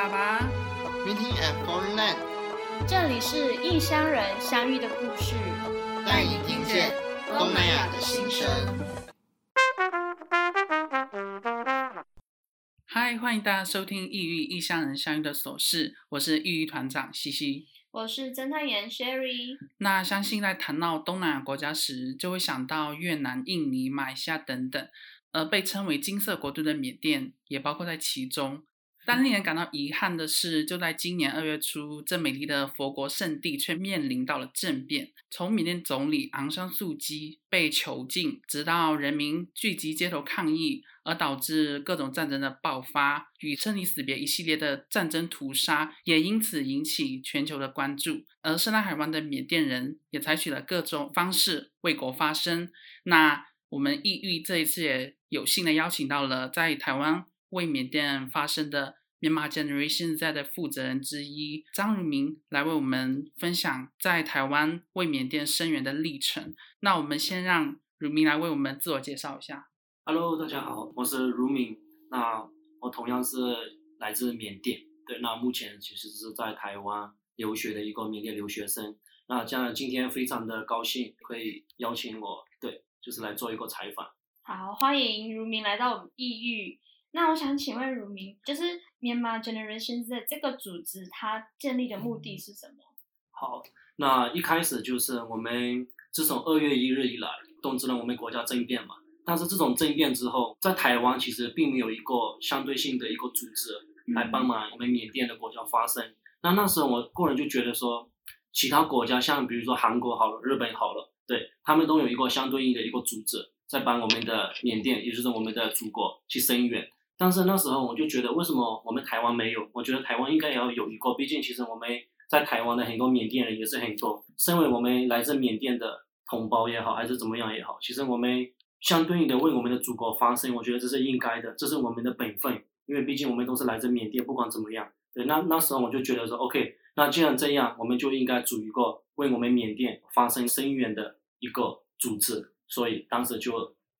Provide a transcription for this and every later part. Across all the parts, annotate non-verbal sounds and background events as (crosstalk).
爸爸這裡是異鄉人相遇的故事。帶你聽見東南亞的心聲。嗨，i 歡迎大家收聽《異域異鄉人相遇的瑣事》，我是異域團長西西，我是偵探員 Sherry。那相信在談到東南亞國家時，就會想到越南、印尼、馬來西亞等等，而被稱為“金色國度”的緬甸也包括在其中。但令人感到遺憾的是，就在今年二月初，這美麗的佛國聖地卻面臨到了政變。從緬甸總理昂山素姬被囚禁，直到人民聚集街頭抗議，而導致各種戰爭的爆發與生離死別，一系列的戰爭屠殺也因此引起全球的關注。而身在海外的緬甸人也採取了各種方式為國發聲。那我們意欲這一次也有幸的邀請到了在台灣為緬甸發聲的。Myanmar Generation 現在的負責人之一張如明來為我們分享在台灣為緬甸聲援的歷程。那我們先讓如明來為我們自我介紹一下。Hello，大家好，我是如明。那我同樣是來自緬甸，對，那目前其實是在台灣留學的一個緬甸留學生。那家人今天非常的高興可以邀請我，對，就是來做一個採訪。好，歡迎如明來到我們異域。那我想請問，如明，就是 Myanmar Generation Z 這個組織，它建立的目的是什麼、嗯？好，那一開始就是我們自從二月一日以來，導致了我們國家政變嘛。但是這種政變之後，在台灣其實並沒有一個相對性的一個組織來幫忙我們緬甸的國家發聲。嗯、那那時候我個人就覺得說，其他國家像比如說韓國好了、日本好了，對他們都有一個相對應的一個組織在幫我們的緬甸，也就是我們的祖國去聲援。但是那時候我就覺得，為什麼我們台灣沒有？我覺得台灣應該也要有一個。畢竟，其實我們在台灣的很多緬甸人也是很多。身為我們來自緬甸的同胞也好，還是怎麼樣也好，其實我們相對應的為我們的祖國發聲，我覺得這是應該的，這是我們的本分。因為畢竟我們都是來自緬甸，不管怎麼樣。對，那那時候我就覺得說，OK，那既然這樣，我們就應該組一個為我們緬甸發聲聲援的一個組織。所以當時就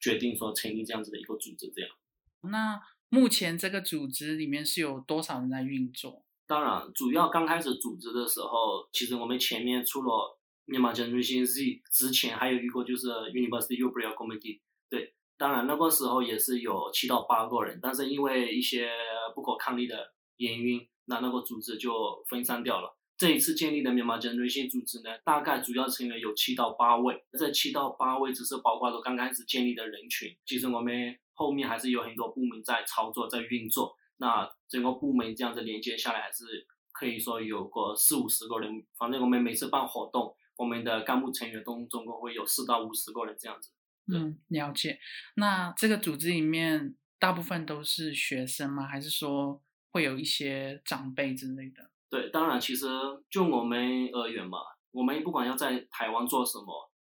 決定說成立這樣子的一個組織，這樣。那。目前這個組織裡面是有多少人在運作？當然，主要剛開始組織的時候，其實我們前面除了 Myanmar Generation Z 之前還有一個就是 University UBRAL Committee。對，當然那個時候也是有七到八個人，但是因為一些不可抗力的原因，那那個組織就分散掉了。這一次建立的 Myanmar Generation 組織呢，大概主要成員有七到八位，這七到八位只是包括說剛開始建立的人群，其實我們。後面還是有很多部門在操作，在運作。那整個部門這樣子連接下來，還是可以說有個四五十個人。反正我們每次辦活動，我們的幹部成員都總共會有四到五十個人這樣子。對。嗯，了解。那這個組織裡面大部分都是學生嗎？還是說會有一些長輩之類的？對，當然，其實就我們而言嘛，我們不管要在台灣做什麼，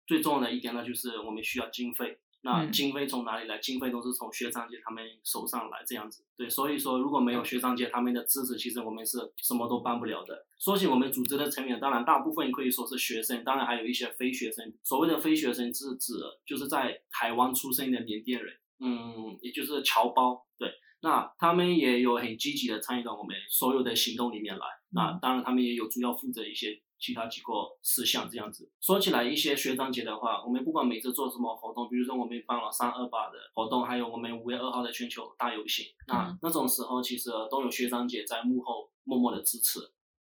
最重要的一點呢，就是我們需要經費。那經費從哪裡來？經費都是從學長姐他們手上來這樣子。對，所以說如果沒有學長姐、嗯、他們的支持，其實我們是什麼都辦不了的。說起我們組織的成員，當然大部分可以說是學生，當然還有一些非學生。所謂的非學生，是指就是在台灣出生的緬甸人，嗯，也就是僑胞。對，那他們也有很積極的參與到我們所有的行動裡面來。嗯、那當然，他們也有主要負責一些。其他幾個事項這樣子說起來，一些學長姐的話，我們不管每次做什麼活動，比如說我們辦了三二八的活動，還有我們五月二號的全球大遊行，那那種時候其實都有學長姐在幕後默默的支持。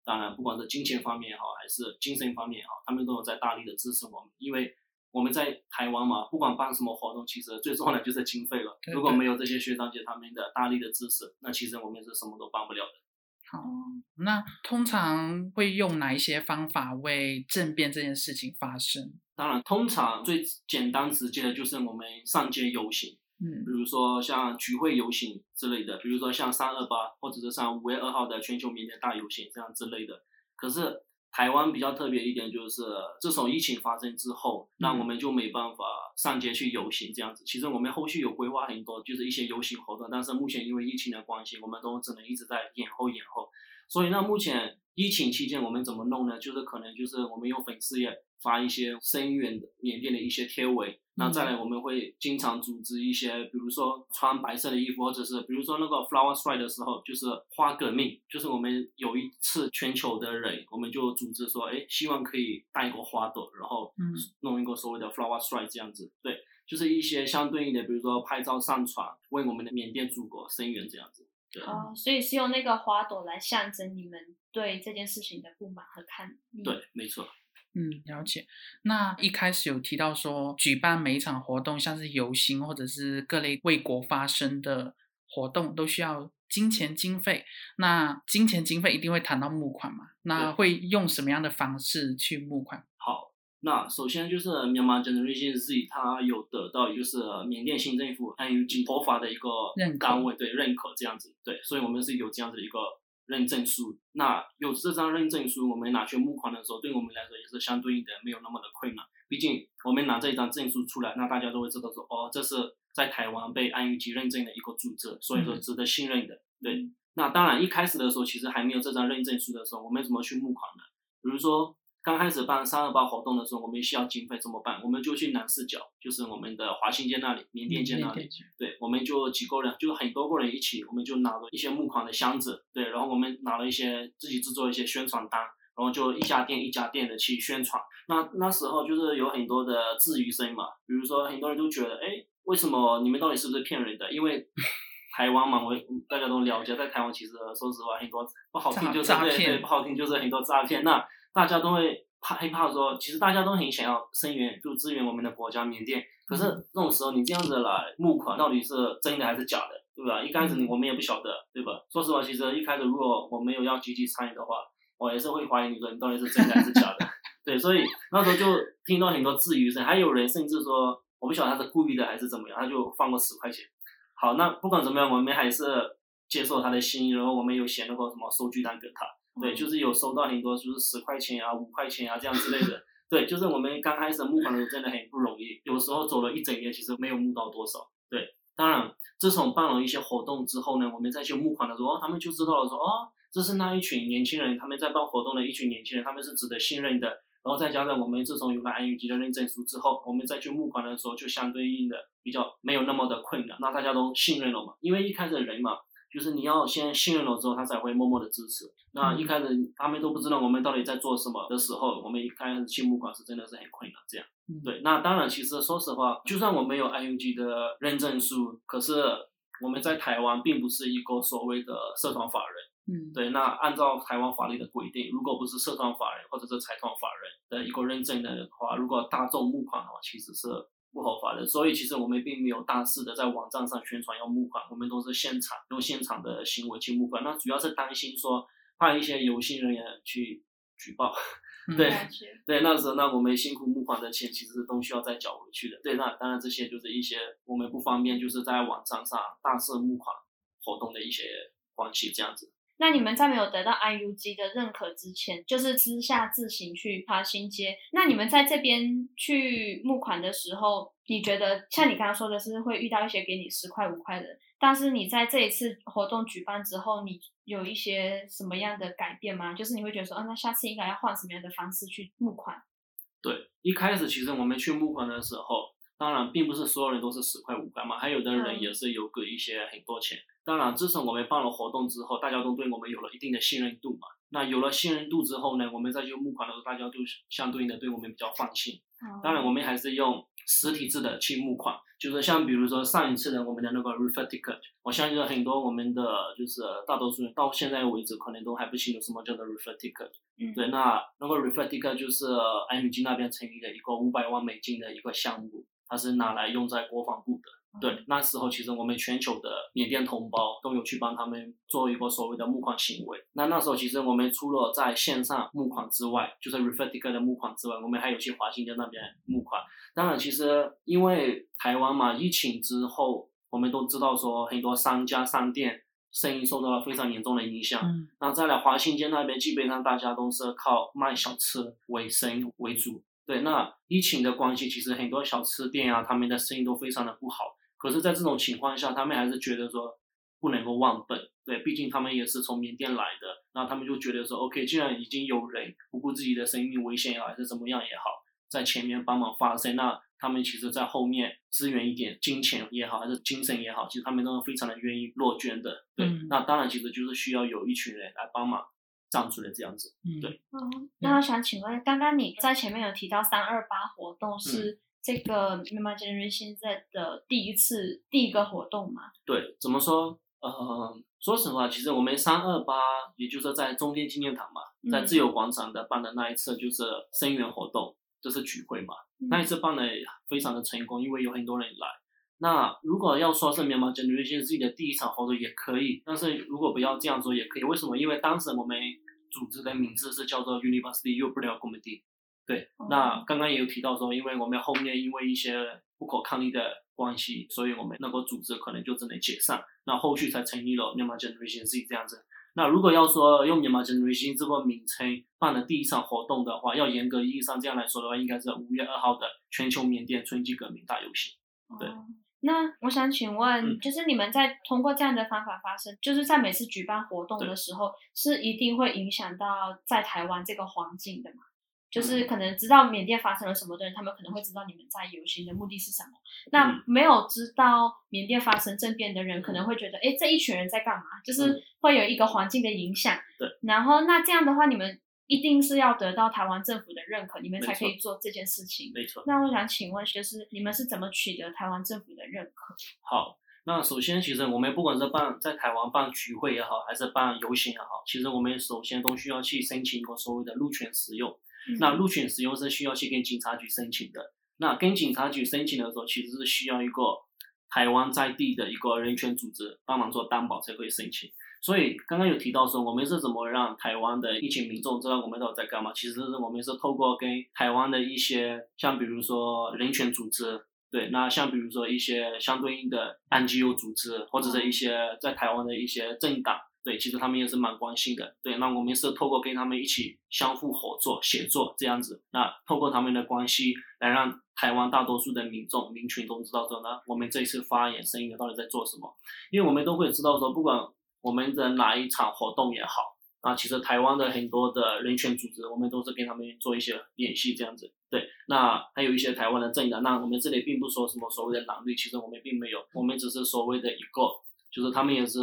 當然，不管是金錢方面也好，還是精神方面也好，他們都有在大力的支持我們。因為我們在台灣嘛，不管辦什麼活動，其實最重要的就是經費了。如果沒有這些學長姐他們的大力的支持，那其實我們是什麼都辦不了的。哦，那通常會用哪一些方法為政變這件事情發聲？當然，通常最簡單直接的就是我們上街遊行，嗯，比如說像集會遊行之類的，比如說像三二八，或者是像五月二號的全球民聯大遊行這樣之類的。可是。台灣比較特別一點就是，自從疫情發生之後，那、嗯、我們就沒辦法上街去遊行這樣子。其實我們後續有規劃很多，就是一些遊行活動，但是目前因為疫情的關係，我們都只能一直在延後延後。所以呢，目前疫情期間我們怎麼弄呢？就是可能就是我們用粉絲頁發一些聲援緬甸的一些貼文。那再來，我們會經常組織一些，比如說穿白色的衣服，或者是比如說那個 flower strike 的時候，就是花革命，就是我們有一次全球的人，我們就組織說，哎，希望可以帶一個花朵，然後弄一個所謂的 flower strike 這樣子。對，就是一些相對應的，比如說拍照上傳，為我們的緬甸祖國聲援這樣子。對。哦，所以是用那個花朵來象徵你們對這件事情的不滿和看。嗯、對，沒錯。嗯，了解。那一開始有提到說，舉辦每一場活動，像是遊行或者是各類為國發聲的活動，都需要金錢經費。那金錢經費一定會談到募款嘛？那會用什麼樣的方式去募款？好。那首先就是 Myanmar Generation Z，它有得到也就是緬甸新政府 NUG 法的一個崗位認可對認可這樣子，對，所以我們是有這樣子的一個認證書。那有這張認證書，我們拿去募款的時候，對我們來說也是相對應的，沒有那麼的困難。畢竟我們拿這一張證書出來，那大家都會知道說，哦，這是在台灣被 NUG 認證的一個組織，所以說值得信任的。對、嗯，那當然一開始的時候，其實還沒有這張認證書的時候，我們怎麼去募款呢？比如說。剛開始辦三二八活動的時候，我們需要經費怎麼辦？我們就去南勢角，就是我們的華新街那裡、緬甸街那裡，對，我們就幾個人，就很多個人一起，我們就拿了一些木框的箱子，對，然後我們拿了一些自己制作一些宣傳單，然後就一家店一家店的去宣傳。那那時候就是有很多的質疑聲嘛，比如說很多人都覺得，哎，為什麼你們到底是不是騙人的？因為台灣嘛，我大家都了解，在台灣其實說實話，很多不好聽就是詐騙。對，對，不好聽就是很多詐騙那。大家都會怕害怕說，其實大家都很想要聲援，就支援我們的國家緬甸。可是這種時候，你這樣子來募款，到底是真的還是假的，對吧？一開始我們也不曉得，對吧？說實話，其實一開始如果我沒有要積極參與的話，我也是會懷疑你說你到底是真的還是假的。 (laughs) 對，所以那時候就聽到很多質疑聲，還有人甚至說，我不曉得他是故意的還是怎麼樣，他就放個十塊錢。好，那不管怎麼樣，我們還是接受他的心意，然後我們有寫那個什麼收據單給他。對，就是有收到很多，就是十塊錢啊、五塊錢啊這樣之類的。 (laughs) 對，就是我們剛開始募款的時候真的很不容易，有時候走了一整夜，其實沒有募到多少。對，當然自從辦了一些活動之後呢，我們再去募款的時候，哦、他們就知道了說，說哦，這是那一群年輕人，他們在辦活動的一群年輕人，他們是值得信任的。然後再加上我們自從有了安永吉的認證書之後，我們再去募款的時候就相對應的比較沒有那麼的困難。那大家都信任了嘛，因為一開始人嘛。就是你要先信任了之後，他才會默默的支持。那一開始、嗯、他們都不知道我們到底在做什麼的時候，我們一開始去募款是真的是很困難。這樣，嗯、對。那當然，其實說實話，就算我們有 IUG 的認證書，可是我們在台灣並不是一個所謂的社團法人。嗯，對。那按照台灣法律的規定，如果不是社團法人或者是財團法人的一個認證的話，如果大眾募款的話，其實是。不合法的，所以其實我們並沒有大肆的在網站上宣傳要募款，我們都是現場用現場的行為去募款。那主要是擔心說怕一些有心人員去舉報，嗯、對對，是對，那時候那我們辛苦募款的錢其實都需要再繳回去的。對，那當然這些就是一些我們不方便就是在網站上大肆募款活動的一些關係這樣子。那你們在沒有得到 IUG 的認可之前，就是私下自行去爬新街。那你們在這邊去募款的時候，你覺得像你剛剛說的是會遇到一些給你十塊五塊的，但是你在這一次活動舉辦之後，你有一些什麼樣的改變嗎？就是你會覺得說，哦，那下次應該要換什麼樣的方式去募款？對，一開始其實我們去募款的時候，當然並不是所有人都是十塊五塊嘛，還有的人也是有給一些很多錢。嗯。當然，自從我們辦了活動之後，大家都對我們有了一定的信任度嘛。那有了信任度之後呢，我們再去募款的時候，大家就相對應的對我們比較放心。當然，我們還是用實體制的去募款，oh. 就是像比如說上一次的我們的那個 refer ticket，我相信很多我們的就是大多數人到現在為止，可能都還不清楚什麼叫做 refer ticket。Mm. 對，那那個 refer ticket 就是 MG 那邊成立的一個五百萬美金的一個項目，它是拿來用在國防部的。對，那時候其實我們全球的緬甸同胞都有去幫他們做一個所謂的募款行為。那那時候其實我們除了在線上募款之外，就是 r e f e r t i c a 的募款之外，我們還有去華新街那邊募款。當然，其實因為台灣嘛，疫情之後，我們都知道說很多商家、商店生意受到了非常嚴重的影響。嗯，那再來華新街那邊，基本上大家都是靠賣小吃為生為主。對，那疫情的關係，其實很多小吃店啊，他們的生意都非常的不好。可是，在這種情況下，他們還是覺得說不能夠忘本，對，畢竟他們也是從緬甸來的，那他們就覺得說，OK，既然已經有人不顧自己的生命危險也好，還是怎麼樣也好，在前面幫忙發聲，那他們其實，在後面支援一點金錢也好，還是精神也好，其實他們都是非常的願意落捐的，對。嗯、那當然，其實就是需要有一群人來幫忙站出來這樣子，對。嗯對哦、那我想請問，剛剛你在前面有提到三二八活動是？嗯這個 Myanmar Generation 現在的第一次第一個活動嘛？對，怎麼說？呃，說實話，其實我們三二八，也就是在中正紀念堂嘛，嗯、在自由廣場的辦的那一次就是聲援活動，就是聚會嘛。嗯、那一次辦的非常的成功，因為有很多人來。那如果要說是 Myanmar Generation 自己的第一場活動也可以，但是如果不要這樣說也可以，為什麼？因為當時我們組織的名字是叫做 “UNIPLUS 永不聊工地”。對，那剛剛也有提到說，因為我們後面因為一些不可抗力的關係，所以我們那個組織可能就只能解散。那後續才成立了 Myanmar Generation Z 這樣子。那如果要說用 Myanmar Generation 這個名稱辦的第一場活動的話，要嚴格意義上這樣來說的話，應該是五月二號的全球緬甸春季革命大遊行。對、哦，那我想請問，嗯、就是你們在通過這樣的方法發生，就是在每次舉辦活動的時候，對是一定會影響到在台灣這個環境的嗎？就是可能知道緬甸發生了什麼的人，嗯、他們可能會知道你們在遊行的目的是什麼？嗯、那沒有知道緬甸發生政變的人，可能會覺得，哎、嗯欸，這一群人在干嘛？就是會有一個環境的影響。對、嗯。然後那這樣的話，你們一定是要得到台灣政府的認可，對你們才可以做這件事情。沒錯錯。那我想請問，就是你們是怎麼取得台灣政府的認可？好，那首先，其實我們不管是辦在台灣辦聚會也好，還是辦遊行也好，其實我們首先都需要去申請一個所謂的路權使用。那入選使用是需要去跟警察局申請的。那跟警察局申請的時候，其實是需要一個台灣在地的一個人權組織幫忙做擔保才可以申請。所以剛剛有提到說，我們是怎麼讓台灣的一群民眾知道我們到底在幹嘛？其實我們是透過跟台灣的一些，像比如說人權組織，對，那像比如說一些相對應的 NGO 組織，或者是一些在台灣的一些政黨。對，其實他們也是蠻關心的。對，那我們是透過跟他們一起相互合作、協作這樣子，那透過他們的關係來讓台灣大多數的民眾、民群都知道說呢，我們這一次發言聲音到底在做什麼？因為我們都會知道說，不管我們的哪一場活動也好，啊，其實台灣的很多的人權組織，我們都是跟他們做一些聯繫這樣子。對，那還有一些台灣的政黨，那我們這裡並不說什麼所謂的藍綠，其實我們並沒有，我們只是所謂的一個。就是他們也是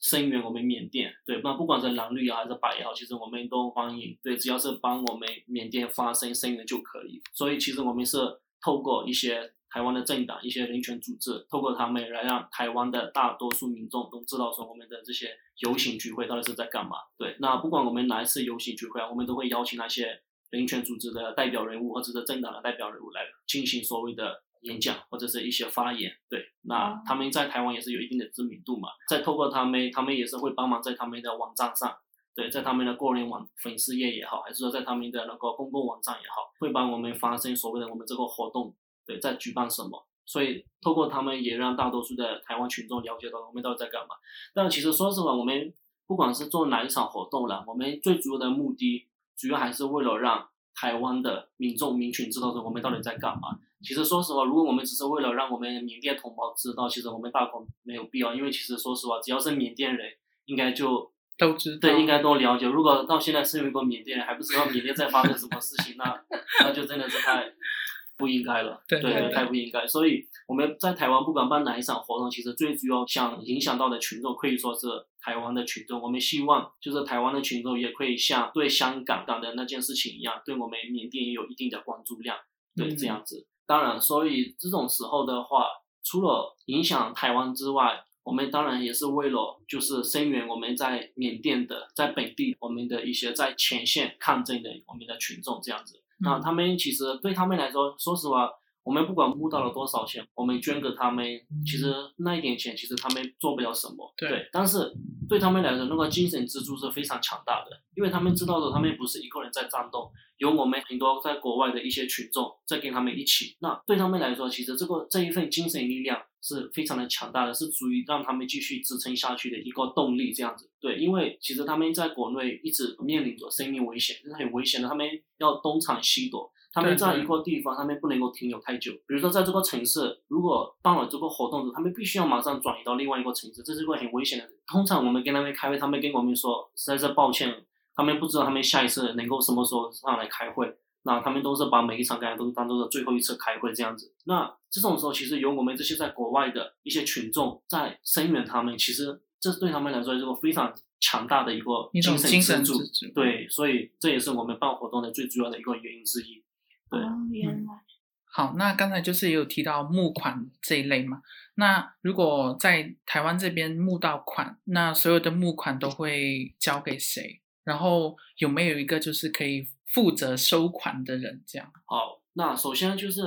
聲援我們緬甸，對，那不管是藍綠也好，還是白也好，其實我們都歡迎，對，只要是幫我們緬甸發聲聲援就可以。所以其實我們是透過一些台灣的政黨、一些人權組織，透過他們來讓台灣的大多數民眾都知道說我們的這些遊行聚會到底是在幹嘛。對，那不管我們哪一次遊行聚會啊，我們都會邀請那些人權組織的代表人物或者是政黨的代表人物來進行所謂的演講或者是一些發言，對，那他們在台灣也是有一定的知名度嘛。再透過他們，他們也是會幫忙在他們的網站上，對，在他們的個人網粉絲頁也好，還是說在他們的那個公共網站也好，會幫我們發聲所謂的我們這個活動，對，在舉辦什麼。所以透過他們，也讓大多數的台灣群眾了解到我們到底在幹嘛。但其實說實話，我們不管是做哪一場活動了，我們最主要的目的，主要還是為了讓台灣的民眾民群知道說我們到底在幹嘛。其實說實話，如果我們只是為了讓我們緬甸同胞知道，其實我們大可沒有必要。因為其實說實話，只要是緬甸人，應該就都知道，對，應該都了解。如果到現在身為一個緬甸人還不知道緬甸在發生什麼事情， (laughs) 那那就真的是太不應該了，對對，對對，太不應該。所以我們在台灣不管辦哪一場活動，其實最主要想影響到的群眾可以說是台灣的群眾。我們希望就是台灣的群眾也可以像對香港港的那件事情一樣，對我們緬甸也有一定的關注量，嗯嗯，對，這樣子。當然，所以這種時候的話，除了影響台灣之外，我們當然也是為了就是聲援我們在緬甸的在本地我們的一些在前線抗爭的我們的群眾這樣子。嗯、那他們其實對他們來說，說實話，我們不管募到了多少錢，嗯、我們捐給他們，其實那一點錢其實他們做不了什麼。對，對，但是。對他們來說，那個精神支柱是非常強大的，因為他們知道的，他們不是一個人在戰鬥，有我們很多在國外的一些群眾在跟他們一起。那對他們來說，其實這個這一份精神力量是非常的強大的，是足以讓他們繼續支撐下去的一個動力。這樣子，對，因為其實他們在國內一直面臨着生命危險，就是很危險的，他們要東藏西躲。他們在一個地方，對對他們不能夠停留太久。比如說，在這個城市，如果辦了這個活動，他們必須要馬上轉移到另外一個城市，這是一個很危險的。通常我們跟他們開會，他們跟我們說，實在是抱歉，他們不知道他們下一次能夠什麼時候上來開會。那他們都是把每一場開會都當做最後一次開會這樣子。那這種時候，其實由我們這些在國外的一些群眾在聲援他們，其實這是對他們來說是一個非常強大的一個精神支柱。精神對，所以這也是我們辦活動的最主要的一個原因之一。哦，原來、啊嗯、好，那剛才就是也有提到募款這一類嘛？那如果在台灣這邊募到款，那所有的募款都會交給誰？然後有沒有一個就是可以負責收款的人？這樣？好，那首先就是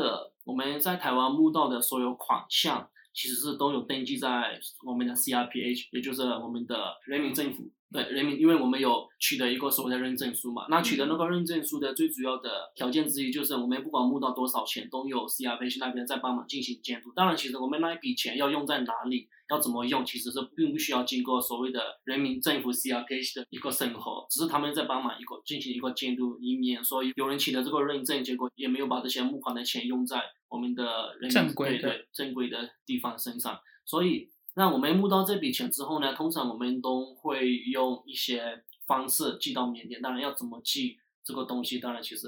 我們在台灣募到的所有款項，其實是都有登記在我們的 CRPH，也就是我們的人民政府。嗯對人民，因為我們有取得一個所謂的認證書嘛，那取得那個認證書的最主要的條件之一就是，我們不管募到多少錢，都有 CRPH 那邊在幫忙進行監督。當然，其實我們那一筆錢要用在哪裡，要怎麼用，其實是並不需要經過所謂的人民政府 CRPH 的一個審核，只是他們在幫忙一個進行一個監督，以免說有人取得這個認證，結果也沒有把這些募款的錢用在我們的人正規的正規的地方身上，所以。那我們募到這筆錢之後呢，通常我們都會用一些方式寄到緬甸。當然要怎麼寄這個東西，當然其實，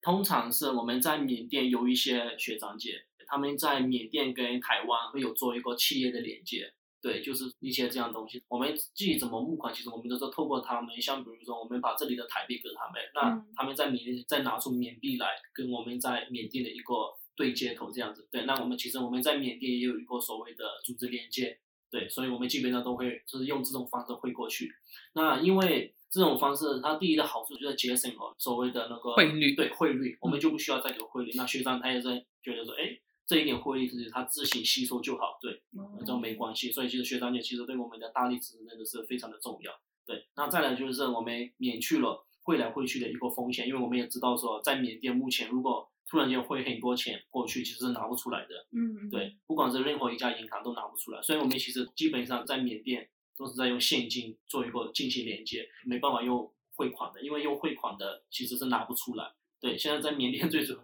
通常是我們在緬甸有一些學長姐，他們在緬甸跟台灣會有做一個企業的連接，對，就是一些這樣東西。我們寄怎麼募款，其實我們都是透過他們，像比如說，我們把這裡的台幣給他們，嗯、那他們在緬再拿出緬幣來跟我們在緬甸的一個。對接口這樣子，對，那我們其實我們在緬甸也有一個所謂的組織連接，對，所以我們基本上都會就是用這種方式匯過去。那因為這種方式，它第一個好處就是節省了所謂的那個匯率，對匯率，嗯、我們就不需要再有匯率。那學長他也在覺得說，哎，這一點匯率是他自行吸收就好，對，這、嗯、沒關係。所以其實學長姐其實對我們的大力支持真的是非常的重要，對。那再來就是我們免去了匯來匯去的一個風險，因為我們也知道說在緬甸目前如果。突然間匯很多錢過去，其實是拿不出來的。嗯，對，不管是任何一家銀行都拿不出來。所以，我們其實基本上在緬甸都是在用現金做一個進行連接，沒辦法用匯款的，因為用匯款的其實是拿不出來。對，現在在緬甸最主要。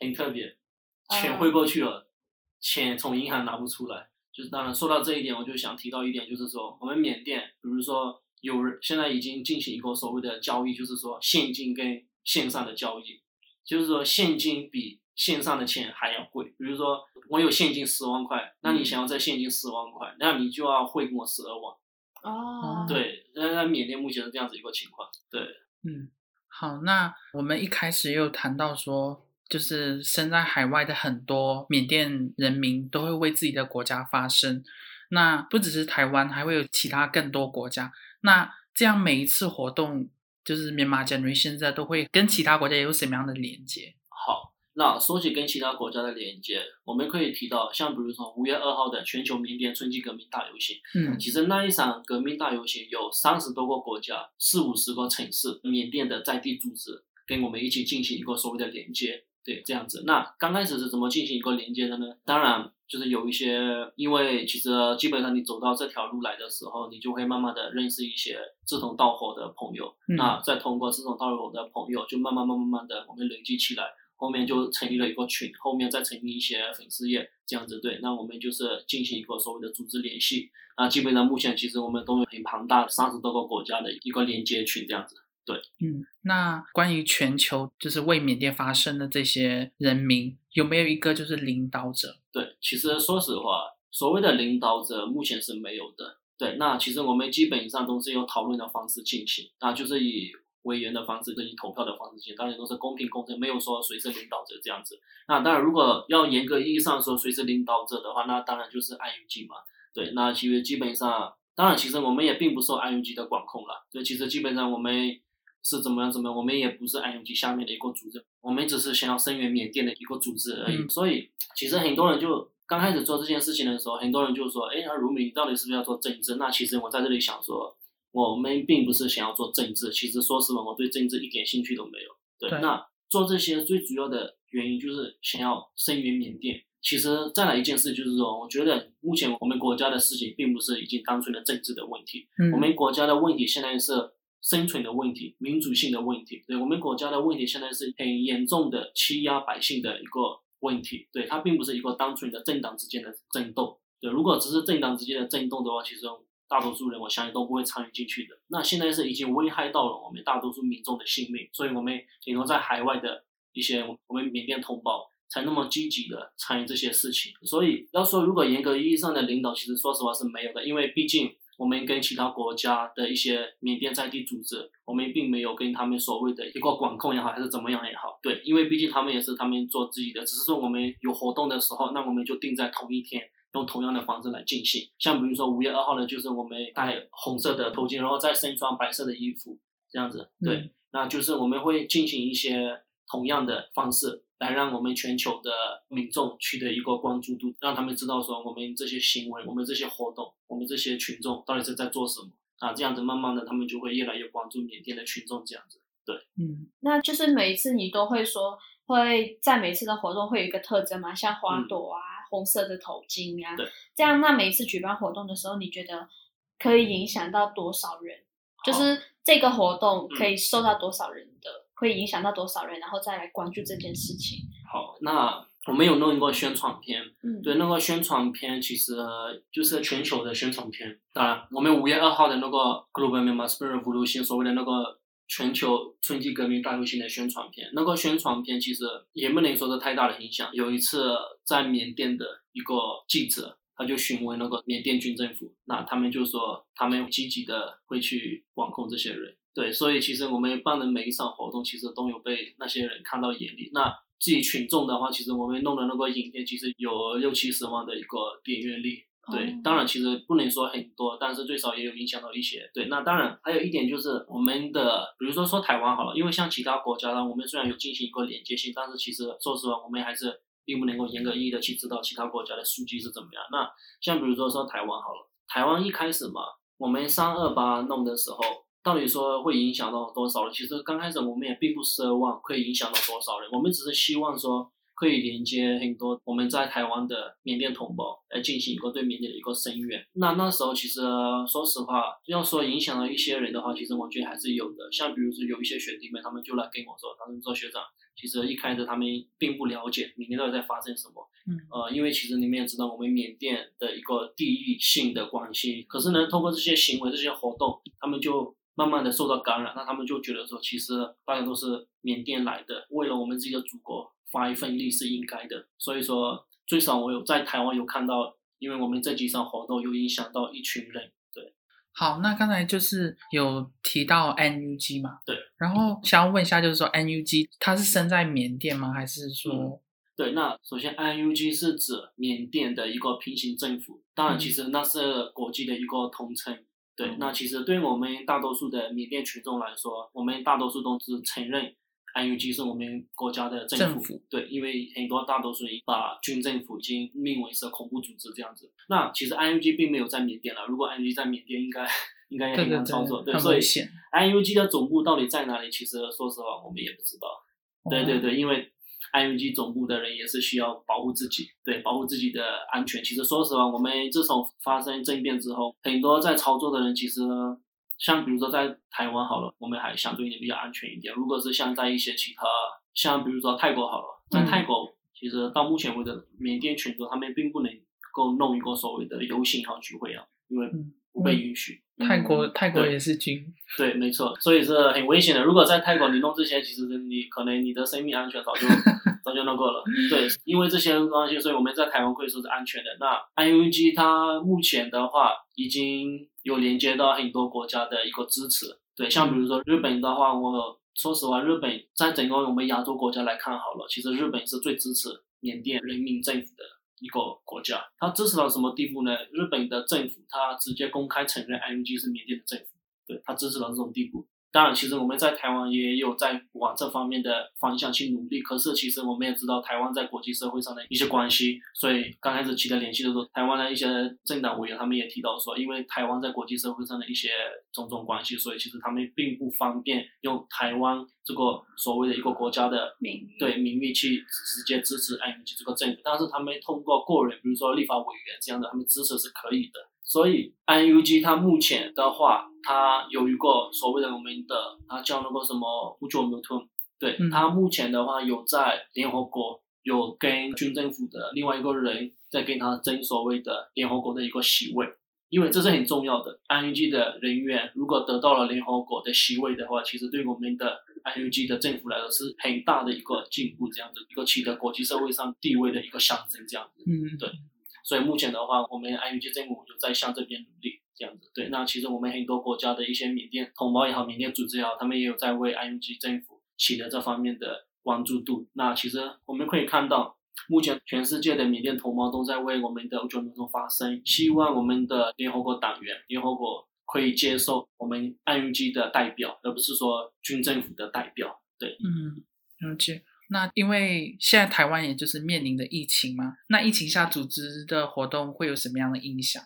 很特別，錢匯過去了，嗯、錢從銀行拿不出來。就是當然說到這一點，我就想提到一點，就是說我們緬甸，比如說有人現在已經進行一個所謂的交易，就是說現金跟線上的交易。就是說，現金比線上的錢還要貴。比如說，我有現金十萬塊，那你想要在現金十萬塊，嗯、那你就要匯給我十二萬。哦、啊，對，那在緬甸目前是這樣子一個情況。對，嗯，好，那我們一開始又談到說，就是身在海外的很多緬甸人民都會為自己的國家發聲。那不只是台灣，還會有其他更多國家。那這樣每一次活動。就是緬馬將軍現在都會跟其他國家有什麼樣的連接？好，那說起跟其他國家的連接，我們可以提到，像比如說五月二號的全球緬甸春季革命大遊行，嗯，其實那一場革命大遊行有三十多個國家、四五十個城市，緬甸的在地組織跟我們一起進行一個所謂的連接。對，這樣子。那剛開始是怎麼進行一個連接的呢？當然就是有一些，因為其實基本上你走到這條路來的時候，你就會慢慢的認識一些志同道合的朋友。嗯。那再通過志同道合的朋友，就慢、慢慢慢慢慢的我們累積起來，後面就成立了一個群，後面再成立一些粉絲頁，這樣子對。那我們就是進行一個所謂的組織聯繫。那基本上目前其實我們都有很龐大的三十多個國家的一個連接群，這樣子。對，嗯，那關於全球就是為緬甸發聲的這些人民，有沒有一個就是領導者？對，其實說實話，所謂的領導者目前是沒有的。對，那其實我們基本上都是用討論的方式進行，啊，就是以委員的方式跟以投票的方式進行，當然都是公平公正，沒有說誰是領導者這樣子。那當然，如果要嚴格意義上說誰是領導者的話，那當然就是 NUG 嘛。對，那其實基本上，當然其實我們也並不受 NUG 的管控啦。對，其實基本上我們。是怎麼樣？怎麼樣？我們也不是安永基下面的一個組織，我們只是想要聲援緬甸的一個組織而已。嗯、所以，其實很多人就剛開始做這件事情的時候，很多人就說：“哎，阿如明到底是不是要做政治？”那其實我在這裡想說，我們並不是想要做政治。其實，說實話，我對政治一點興趣都沒有。對。對，那做這些最主要的原因就是想要聲援緬甸。其實再來一件事就是說，我覺得目前我們國家的事情並不是已經單純的政治的問題，嗯、我們國家的問題現在是。生存的問題、民主性的問題，對，我們國家的問題現在是很嚴重的欺壓百姓的一個問題。對，它並不是一個單純的政黨之間的爭鬥。對，如果只是政黨之間的爭鬥的話，其實大多數人我相信都不會參與進去的。那現在是已經危害到了我們大多數民眾的性命，所以我們很能在海外的一些我們緬甸同胞才那麼積極的參與這些事情。所以要說如果嚴格意義上的領導，其實說實話是沒有的，因為畢竟。我們跟其他國家的一些緬甸在地組織，我們並沒有跟他們所謂的一個管控也好，還是怎麼樣也好，對，因為畢竟他們也是他們做自己的，只是說我們有活動的時候，那我們就定在同一天，用同樣的方式來進行。像比如說五月二號呢，就是我們戴紅色的頭巾，然後再身穿白色的衣服，這樣子，對，嗯、那就是我們會進行一些。同樣的方式來讓我們全球的民眾取得一個關注度，讓他們知道說我們這些行為、我們這些活動、我們這些群眾到底是在做什麼啊？這樣子，慢慢的他們就會越來越關注緬甸的群眾。這樣子，對，嗯，那就是每一次你都會說會在每次的活動會有一個特徵嗎？像花朵啊、嗯、紅色的頭巾啊，對這樣。那每一次舉辦活動的時候，你覺得可以影響到多少人？好就是這個活動可以受到多少人的？嗯會影響到多少人，然後再來關注這件事情。好，那我們有弄一個宣傳片，嗯，對，那個宣傳片其實就是全球的宣傳片。當然，我們五月二號的那個 Global Myanmar Spring Revolution 所謂的那個全球春季革命大遊行的宣傳片，那個宣傳片其實也不能說是太大的影響。有一次在緬甸的一個記者，他就詢問那個緬甸軍政府，那他們就說他們積極的會去管控這些人。對，所以其實我們辦的每一場活動，其實都有被那些人看到眼裡。那自己群眾的話，其實我們弄的那個影片，其實有六七十萬的一個點閱率。對，嗯、當然其實不能說很多，但是最少也有影響到一些。對，那當然還有一點就是我們的，比如說說台灣好了，因為像其他國家呢，我們雖然有進行一個連接性，但是其實說實話，我們還是並不能夠嚴格意義的去知道其他國家的數據是怎麼樣。那像比如說說台灣好了，台灣一開始嘛，我們三二八弄的時候。到底說會影響到多少人？其實剛開始我們也並不奢望會影響到多少人，我們只是希望說可以連接很多我們在台灣的緬甸同胞，來進行一個對緬甸的一個聲援。那那時候其實、呃、說實話，要說影響到一些人的話，其實我覺得還是有的。像比如說有一些學弟們，他們就來跟我說，他們說學長，其實一開始他們並不了解緬甸到底在發生什麼。嗯，呃，因為其實你們也知道我們緬甸的一個地域性的關係，可是呢，通過這些行為、這些活動，他們就慢慢的受到感染，那他們就覺得說，其實大家都是緬甸來的，為了我們自己的祖國發一份力是應該的。所以說，最少我有在台灣有看到，因為我們這幾場活動有影響到一群人。對，好，那剛才就是有提到 NUG 嘛，嗯、對，然後想要問一下，就是說 NUG 它是生在緬甸嗎？還是說，嗯、對，那首先 NUG 是指緬甸的一個平行政府，當然其實那是國際的一個統稱。嗯對，那其實對於我們大多數的緬甸群眾來說，我們大多數都是承認，I U G 是我們國家的政府。政府對，因為很多大多數人把軍政府經命為是恐怖組織這樣子。那其實 I U G 並沒有在緬甸了。如果 I U G 在緬甸應該，應該應該要很難操作，對，對，對，所以 I U G 的總部到底在哪裡？其實說實話，我們也不知道。嗯、對對對，因為。IUG 總部的人也是需要保護自己，對，保護自己的安全。其實說實話，我們自從發生政變之後，很多在操作的人，其實呢，像比如說在台灣好了，我們還相對的比較安全一點。如果是像在一些其他，像比如說泰國好了，嗯、在泰國，其實到目前為止，緬甸群眾，他們並不能夠弄一個所謂的遊行和聚會啊，因為不被允許。嗯、泰國泰國也是軍。對，沒錯，所以是很危險的。如果在泰國你弄這些，其實你可能你的生命安全早就。 (laughs) 早就鬧夠了，對，因為這些關係，所以我們在台灣可以說是安全的。那 I U G 它目前的話已經有連接到很多國家的一個支持，對，像比如說日本的話，我說實話，日本在整個我們亞洲國家來看好了，其實日本是最支持緬甸人民政府的一個國家。它支持到什麼地步呢？日本的政府它直接公開承認 I U G 是緬甸的政府，對，它支持到這種地步。當然，其實我們在台灣也有在往這方面的方向去努力。可是，其實我們也知道台灣在國際社會上的一些關係，所以剛開始取得聯繫的時候，台灣的一些政黨委員他們也提到說，因為台灣在國際社會上的一些種種關係，所以其實他們並不方便用台灣這個所謂的一個國家的名對名義去直接支持 M G、哎、這個政府，但是他們通過個人，比如說立法委員這樣的，他們支持是可以的。所以，IUG 他目前的話，他有一個所謂的我們的，他叫那個什麼烏角梅通，嗯、對他目前的話有在聯合國有跟軍政府的另外一個人在跟他爭所謂的聯合國的一個席位，因為這是很重要的。IUG 的人員如果得到了聯合國的席位的話，其實對我們的 IUG 的政府來說是很大的一個進步，這樣子一個取得國際社會上地位的一個象徵，這樣子，嗯，對。所以目前的話，我們 NUG 政府有在向這邊努力，這樣子。對，那其實我們很多國家的一些緬甸同胞也好，緬甸組織也好，他們也有在為 NUG 政府取得這方面的關注度。那其實我們可以看到，目前全世界的緬甸同胞都在為我們的軍民眾發聲，希望我們的聯合國黨員、聯合國可以接受我們 NUG 的代表，而不是說軍政府的代表。對，嗯，了解。那因為現在台灣也就是面臨的疫情嘛，那疫情下組織的活動會有什麼樣的影響？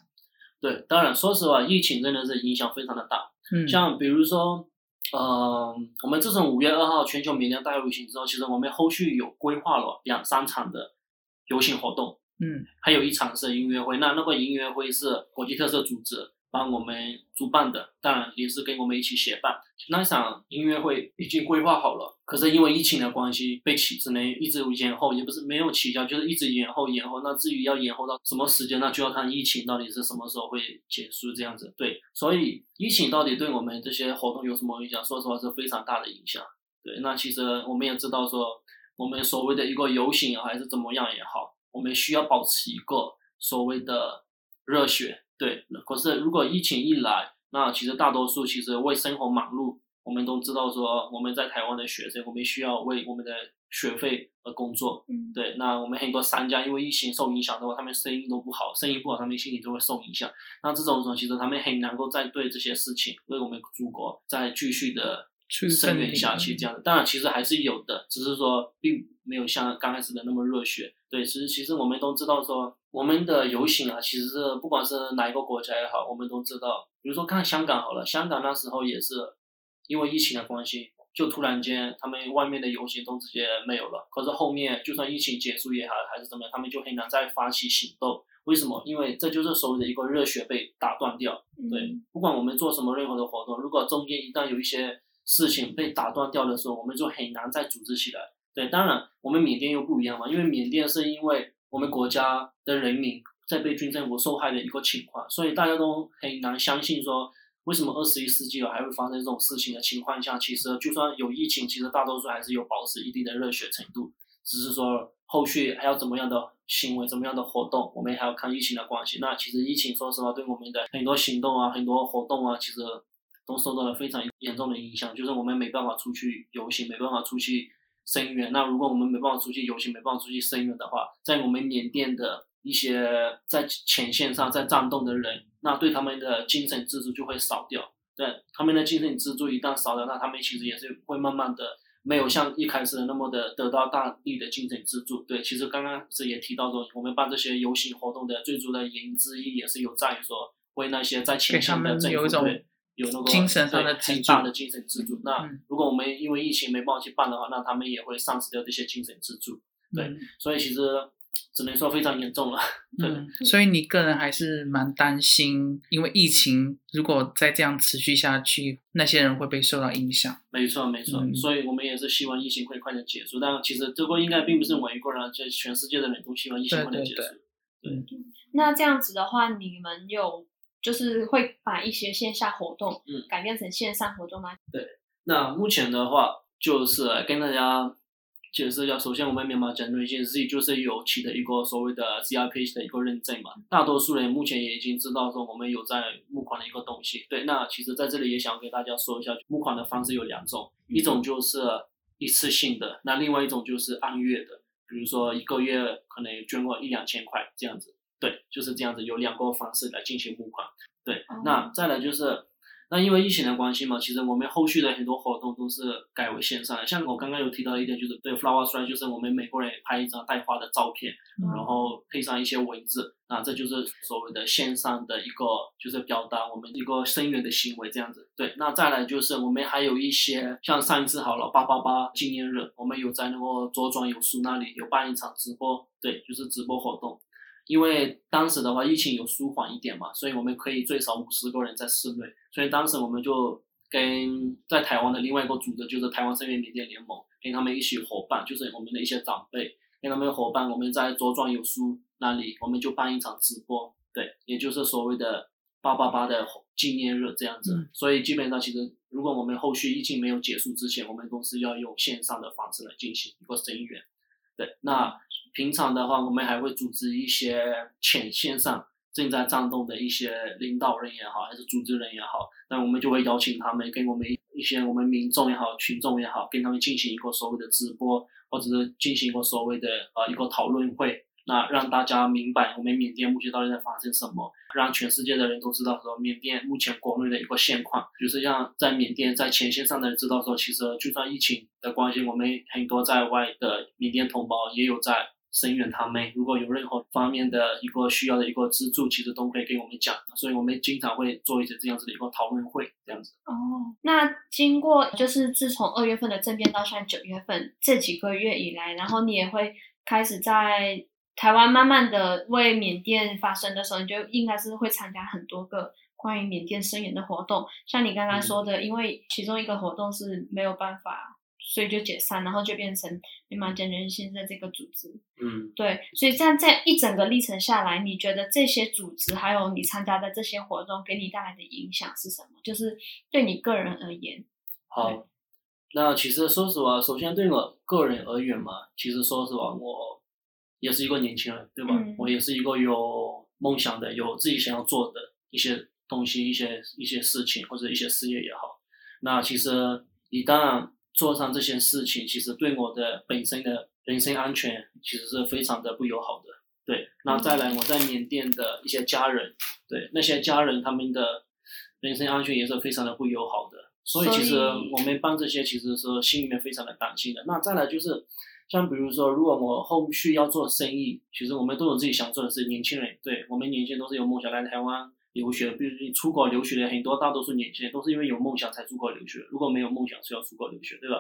對，當然說實話，疫情真的是影響非常的大。嗯，像比如說，呃，我們自從五月二號全球緬甸大遊行之後，其實我們後續有規劃了兩三場的遊行活動，嗯，還有一場是音樂會。那那個音樂會是國際特赦組織。幫我們主辦的，當然也是跟我們一起協辦。那場音樂會已經規劃好了，可是因為疫情的關係，被迫只能一直延後，也不是沒有取消，就是一直延後延後。那至於要延後到什麼時間，那就要看疫情到底是什麼時候會結束這樣子。對，所以疫情到底對我們這些活動有什麼影響？說實話是非常大的影響。對，那其實我們也知道說，說我們所謂的一個遊行還是怎麼樣也好，我們需要保持一個所謂的熱血。對，可是如果疫情一來，那其實大多數其實為生活忙碌。我們都知道說，我們在台灣的學生，我們需要為我們的學費而工作。嗯，對。那我們很多商家因為疫情受影響的話，他們生意都不好，生意不好，他們心裡都會受影響。那這種時候其實他們很難夠再對這些事情為我們祖國再繼續的生存下去這樣的。當然，其實還是有的，只是說並沒有像剛開始的那麼熱血。對，其實其實我們都知道說。我們的遊行啊，其實是不管是哪一個國家也好，我們都知道。比如說看香港好了，香港那時候也是，因為疫情的關係，就突然間他們外面的遊行都直接沒有了。可是後面就算疫情結束也好，還是怎麼樣，他們就很難再發起行動。為什麼？因為這就是所謂的一個熱血被打斷掉。對，嗯、不管我們做什麼任何的活動，如果中間一旦有一些事情被打斷掉的時候，我們就很難再組織起來。對，當然我們緬甸又不一樣嘛，因為緬甸是因為。我們國家的人民在被軍政府受害的一個情況，所以大家都很難相信說，為什麼二十一世紀了、啊、還會發生這種事情的情況下，其實就算有疫情，其實大多數還是有保持一定的熱血程度，只是說後續還要怎麼樣的行為、怎麼樣的活動，我們還要看疫情的關係。那其實疫情說實話對我們的很多行動啊、很多活動啊，其實都受到了非常嚴重的影響，就是我們沒辦法出去遊行，沒辦法出去。聲援。那如果我們沒辦法出去遊行，沒辦法出去聲援的話，在我們緬甸的一些在前線上在戰鬥的人，那對他們的精神支柱就會少掉。對，他們的精神支柱一旦少了，那他們其實也是會慢慢的沒有像一開始那麼的得到大力的精神支柱。對，其實剛剛是也提到說，我們辦這些遊行活動的最主要原因之一也是有在於說，為那些在前線的戰士對。有那個精神上的精神支柱。那如果我們因為疫情沒辦法去辦的話，那他們也會喪失掉這些精神支柱。對，所以其實只能說非常嚴重了。對。所以你個人還是蠻擔心，因為疫情如果再這樣持續下去，那些人會被受到影響。沒錯，沒錯。所以我們也是希望疫情可以快點結束。但其實這個應該並不是我一個人，就全世界的人都希望疫情快點結束。對，那這樣子的話，你們有？就是會把一些線下活動，嗯，改變成線上活動嗎？嗯，對，那目前的話就是跟大家解釋一下，首先我們明白講的一件事情就是有起的一個所謂的 CRPH 的一個認證嘛，大多數人目前也已經知道說我們有在募款的一個東西。對，那其實在這裡也想給大家說一下，募款的方式有兩種，一種就是一次性的，那另外一種就是按月的，比如說一個月可能捐個一兩千塊這樣子。對，就是這樣子，有兩個方式來進行募款。對，嗯、那再來就是，那因為疫情的關係嘛，其實我們後續的很多活動都是改為線上的，像我剛剛有提到一點，就是對 Flower Strike，就是我們每個人拍一張帶花的照片，然後配上一些文字，嗯、那這就是所謂的線上的一個就是表達我們一個深遠的行為這樣子。對，那再來就是我們還有一些像上一次好了八八八紀念日，我們有在那個左轉有書那裡有辦一場直播，對，就是直播活動。因為當時的話，疫情有舒緩一點嘛，所以我們可以最少五十個人在室內，所以當時我們就跟在台灣的另外一個組織，就是台灣聲援緬甸聯盟，跟他們一起合辦，就是我們的一些長輩跟他們合辦，我們在左轉有書那裡，我們就辦一場直播，對，也就是所謂的八八八的紀念日這樣子。嗯、所以基本上其實，如果我們後續疫情沒有結束之前，我們公司要用線上的方式來進行一個聲援，對，那。嗯平常的話，我們還會組織一些前線上正在戰鬥的一些領導人也好，還是組織人也好，那我們就會邀請他們跟我們一些我們民眾也好、群眾也好，跟他們進行一個所謂的直播，或者是進行一個所謂的呃一個討論會，那讓大家明白我們緬甸目前到底在發生什麼，讓全世界的人都知道說緬甸目前國內的一個現況。就是像在緬甸在前線上的人知道說，其實就算疫情的關係，我們很多在外的緬甸同胞也有在。聲援他們，如果有任何方面的一個需要的一個資助，其實都可以跟我們講。所以，我們經常會做一些這樣子的一個討論會，這樣子。哦，那經過就是自從二月份的政變到現在九月份這幾個月以來，然後你也會開始在台灣慢慢的為緬甸發聲的時候，你就應該是會參加很多個關於緬甸聲援的活動。像你剛剛說的，嗯、因為其中一個活動是沒有辦法。所以就解散，然後就變成你馬堅決現在這個組織。嗯，對，所以這樣在一整個歷程下來，你覺得這些組織還有你參加的這些活動給你帶來的影響是什麼？就是對你個人而言。好，對那其實說實話，首先對我個人而言嘛，其實說實話，嗯、我也是一個年輕人，對吧？嗯、我也是一個有夢想的，有自己想要做的一些東西、一些一些事情或者一些事業也好。那其實一旦做上這些事情，其實對我的本身的人身安全其實是非常的不友好的。對，那再來我在緬甸的一些家人，對那些家人他們的人身安全也是非常的不友好的。所以其實我們幫這些其實是心裡面非常的擔心的。那再來就是，像比如說如果我後續要做生意，其實我們都有自己想做的事。年輕人，對我們年輕人都是有夢想來台灣。留學，比如說出國留學的很多，大多數年輕人都是因為有夢想才出國留學。如果沒有夢想，是要出國留學，對吧？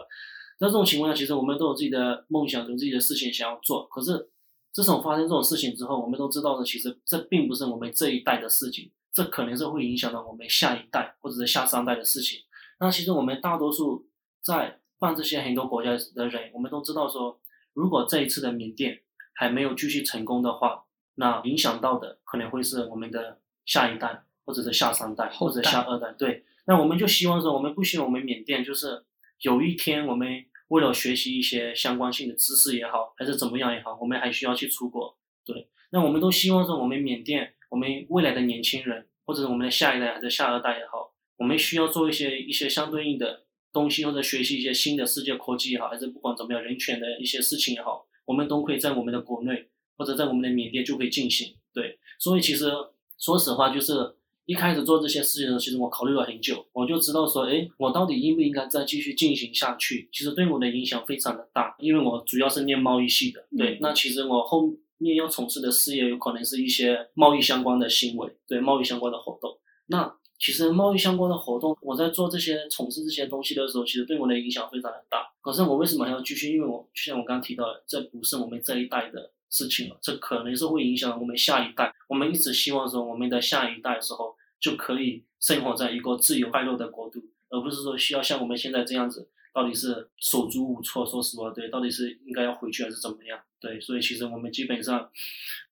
那這種情況下，其實我們都有自己的夢想，有自己的事情想要做。可是自從發生這種事情之後，我們都知道呢，其實這並不是我們這一代的事情，這可能是會影響到我們下一代或者是下三代的事情。那其實我們大多數在辦這些很多國家的人，我們都知道說，如果這一次的緬甸還沒有繼續成功的話，那影響到的可能會是我們的。下一代，或者是下三代，或者是下二代，對。那我們就希望說，我們不希望我們緬甸就是有一天，我們為了學習一些相關性的知識也好，還是怎麼樣也好，我們還需要去出國。對。那我們都希望說，我們緬甸，我們未來的年輕人，或者是我們的下一代，還是下二代也好，我們需要做一些一些相對應的東西，或者學習一些新的世界科技也好，還是不管怎麼樣人權的一些事情也好，我們都可以在我們的國內，或者在我們的緬甸就可以進行。對。所以其實。說實話，就是一開始做這些事情的時候，其實我考慮了很久。我就知道說，哎，我到底應不應該再繼續進行下去？其實對我的影響非常的大，因為我主要是念貿易系的。對，嗯，那其實我後面要從事的事業，有可能是一些貿易相關的行為，對，貿易相關的活動。那其實貿易相關的活動，我在做這些，從事這些東西的時候，其實對我的影響非常的大。可是我為什麼還要繼續？因為我，就像我剛剛提到的，這不是我們這一代的。事情了，這可能是會影響我們下一代。我們一直希望說，我們的下一代的時候就可以生活在一個自由快樂的國度，而不是說需要像我們現在這樣子，到底是手足無措。說實話，對，到底是應該要回去還是怎麼樣？對，所以其實我們基本上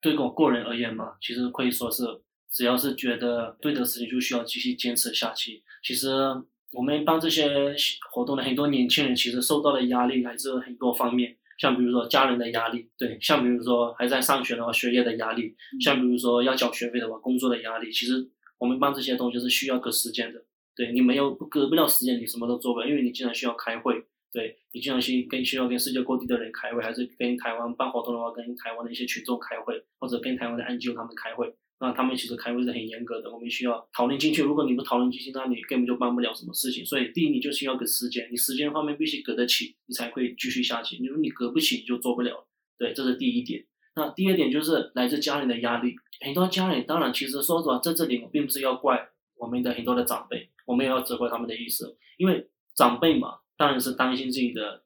對我個、個人而言嘛，其實可以說是只要是覺得對的事情，就需要繼續堅持下去。其實我們辦這些活動的很多年輕人，其實受到的壓力來自很多方面。像比如說家人的壓力，對，像比如說還在上學的話，學業的壓力，像比如說要繳學費的話，工作的壓力。其實我們辦這些東西是需要個時間的，對，你沒有不隔不了時間，你什麼都做不了，因為你經常需要開會，對，你經常去跟需要跟世界各地的人開會，還是跟台灣辦活動的話，跟台灣的一些群眾開會，或者跟台灣的安 o 他們開會。那他們其實開會是很嚴格的，我們需要討論進去。如果你不討論進去，那你根本就辦不了什麼事情。所以，第一，你就是要給時間，你時間方面必須給得起，你才會繼續下去。你如果你給不起，你就做不了。對，這是第一點。那第二點就是來自家人的壓力。很多家人，當然，其實說實話，在這裡我並不是要怪我們的很多的長輩，我們也要責怪他們的意思。因為長輩嘛，當然是擔心自己的，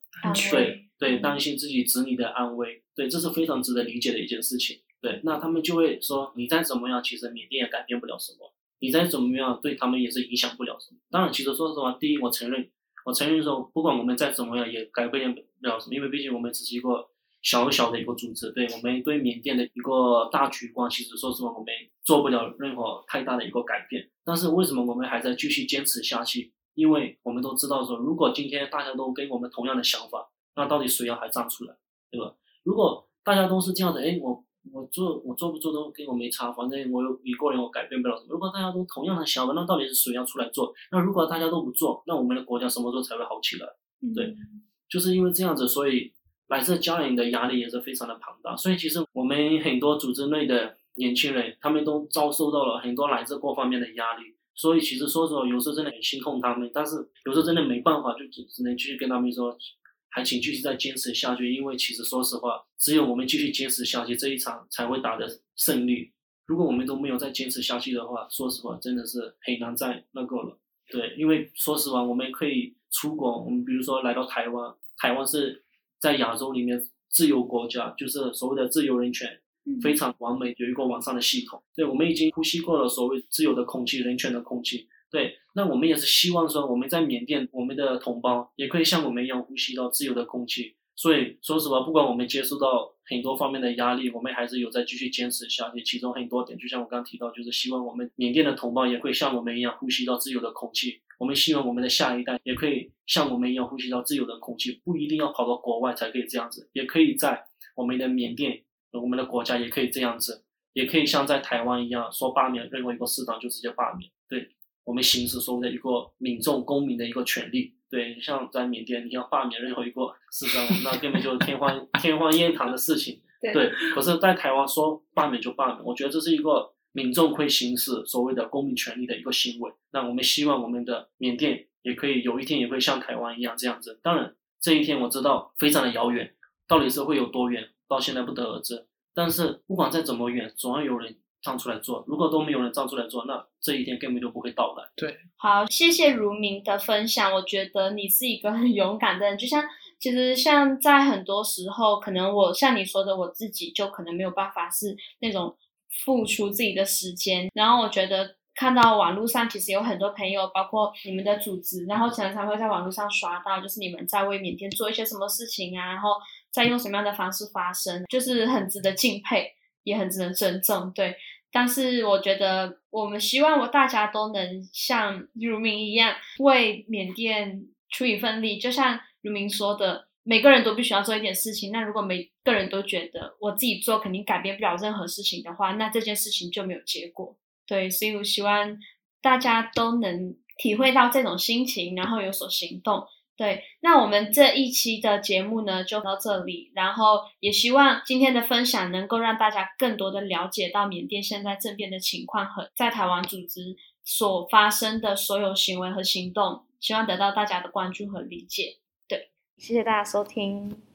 對、嗯、對，對嗯、擔心自己子女的安危，對，這是非常值得理解的一件事情。對，那他們就會說你再怎麼樣，其實緬甸也改變不了什麼，你再怎麼樣對他們也是影響不了什麼。當然，其實說實話，第一我承認，我承認說不管我們再怎麼樣也改變不了什麼，因為畢竟我們只是一個小小的一個組織，對我們對緬甸的一個大局觀，其實說實話我們做不了任何太大的一個改變。但是為什麼我們還在繼續堅持下去？因為我們都知道說，如果今天大家都跟我們同樣的想法，那到底誰要還站出來，對吧？如果大家都是這樣子，哎我。我做，我做不做都跟我沒差，反正我又一個人，我改變不了什麼。如果大家都同樣的想法，那到底是誰要出來做？那如果大家都不做，那我們的國家什麼時候才會好起來？對，嗯、就是因為這樣子，所以來自家人的壓力也是非常的龐大。所以其實我們很多組織內的年輕人，他們都遭受到了很多來自各方面的壓力。所以其實說實話，有時候真的很心痛他們，但是有時候真的沒辦法，就只能去跟他們說。還請繼續再堅持下去，因為其實說實話，只有我們繼續堅持下去，這一場才會打得勝利。如果我們都沒有再堅持下去的話，說實話，真的是很難再那個了。對，因為說實話，我們可以出國，我們比如說來到台灣，台灣是在亞洲裡面自由國家，就是所謂的自由人權，非常完美，有一個完善的系統。對，我們已經呼吸過了所謂自由的空氣，人權的空氣。對，那我們也是希望說，我們在緬甸，我們的同胞也可以像我們一樣呼吸到自由的空氣。所以說實話，不管我們接受到很多方面的壓力，我們還是有在繼續堅持下去。其中很多點，就像我剛剛提到，就是希望我們緬甸的同胞也會像我們一樣呼吸到自由的空氣。我們希望我們的下一代也可以像我們一樣呼吸到自由的空氣，不一定要跑到國外才可以這樣子，也可以在我們的緬甸，我們的國家也可以這樣子，也可以像在台灣一樣說罷免任何一個市長就直接罷免。對。我們行使所謂的一個民眾公民的一個權利，對你像在緬甸，你要罷免任何一個市長， (laughs) 那根本就是天方天方夜譚的事情。對， (laughs) 可是，在台灣說罷免就罷免，我覺得這是一個民眾會行使所謂的公民權利的一個行為。那我們希望我們的緬甸也可以有一天也會像台灣一樣這樣子。當然，這一天我知道非常的遙遠，到底是會有多遠，到現在不得而知。但是不管再怎麼遠，總要有人。站出來做，如果都沒有人站出來做，那這一天根本就不會到來。對，好，謝謝如明的分享。我覺得你是一個很勇敢的人，就像其實像在很多時候，可能我像你說的，我自己就可能沒有辦法是那種付出自己的時間。然後我覺得看到網絡上其實有很多朋友，包括你們的組織，然後常常會在網絡上刷到，就是你們在為緬甸做一些什麼事情啊，然後在用什麼樣的方式發聲，就是很值得敬佩。也很值得尊重，對。但是我覺得，我們希望我大家都能像如明一樣，為緬甸出一份力。就像如明說的，每個人都必須要做一點事情。那如果每個人都覺得我自己做肯定改變不了任何事情的話，那這件事情就沒有結果。對，所以我希望大家都能體會到這種心情，然後有所行動。對，那我們這一期的節目呢就到這裡，然後也希望今天的分享能夠讓大家更多的了解到緬甸現在政變的情況和在台灣組織所發生的所有行為和行動，希望得到大家的關注和理解。對，謝謝大家收聽。